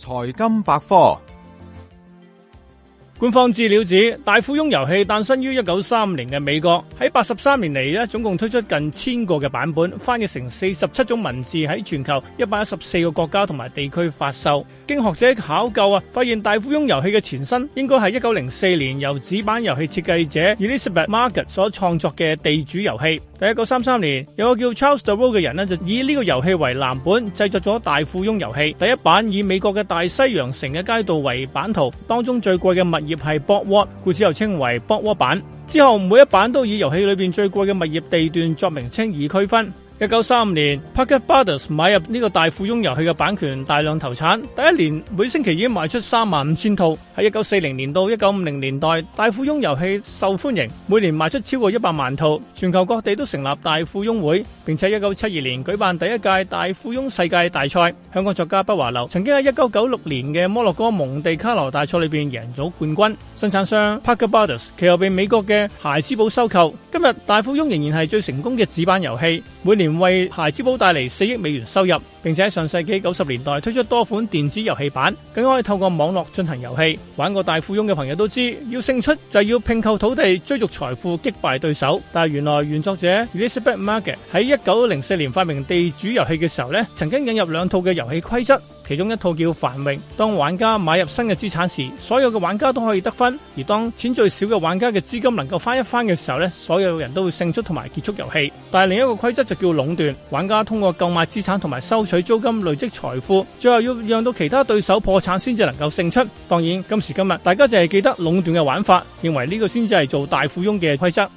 財金百科。官方資料指，大富翁遊戲誕生於一九三五年嘅美國，喺八十三年嚟咧，總共推出近千個嘅版本，翻譯成四十七種文字，喺全球一百一十四個國家同埋地區發售。經學者考究啊，發現大富翁遊戲嘅前身應該係一九零四年由紙版遊戲設計者 Elizabeth Magie 所創作嘅地主遊戲。第一九三三年，有個叫 Charles DeWol 嘅人咧，就以呢個遊戲為藍本，製作咗大富翁遊戲第一版，以美國嘅大西洋城嘅街道為版圖，當中最貴嘅物。業係博窩，故此又稱為 b 博窩版。之後每一版都以遊戲裏邊最貴嘅物業地段作名稱而區分。一九三五年，Parker Brothers 買入呢個大富翁遊戲嘅版權，大量投產。第一年每星期已經賣出三萬五千套。喺一九四零年到一九五零年代，大富翁遊戲受歡迎，每年賣出超過一百萬套。全球各地都成立大富翁會，並且一九七二年舉辦第一屆大富翁世界大賽。香港作家畢華流曾經喺一九九六年嘅摩洛哥蒙地卡羅大賽裏邊贏咗冠軍。生產商 Parker Brothers 其後被美國嘅孩之寶收購。今日大富翁仍然係最成功嘅紙板遊戲，每年。為孩子寶帶嚟四億美元收入，並且喺上世紀九十年代推出多款電子遊戲版，更可以透過網絡進行遊戲。玩過大富翁嘅朋友都知，要勝出就係要拼購土地、追逐財富、擊敗對手。但係原來原作者 Elizabeth Magie 喺一九零四年發明地主遊戲嘅時候呢，曾經引入兩套嘅遊戲規則。其中一套叫繁榮，當玩家買入新嘅資產時，所有嘅玩家都可以得分；而當錢最少嘅玩家嘅資金能夠翻一翻嘅時候呢，所有人都會勝出同埋結束遊戲。但係另一個規則就叫壟斷，玩家通過購買資產同埋收取租金累積財富，最後要讓到其他對手破產先至能夠勝出。當然，今時今日大家淨係記得壟斷嘅玩法，認為呢個先至係做大富翁嘅規則。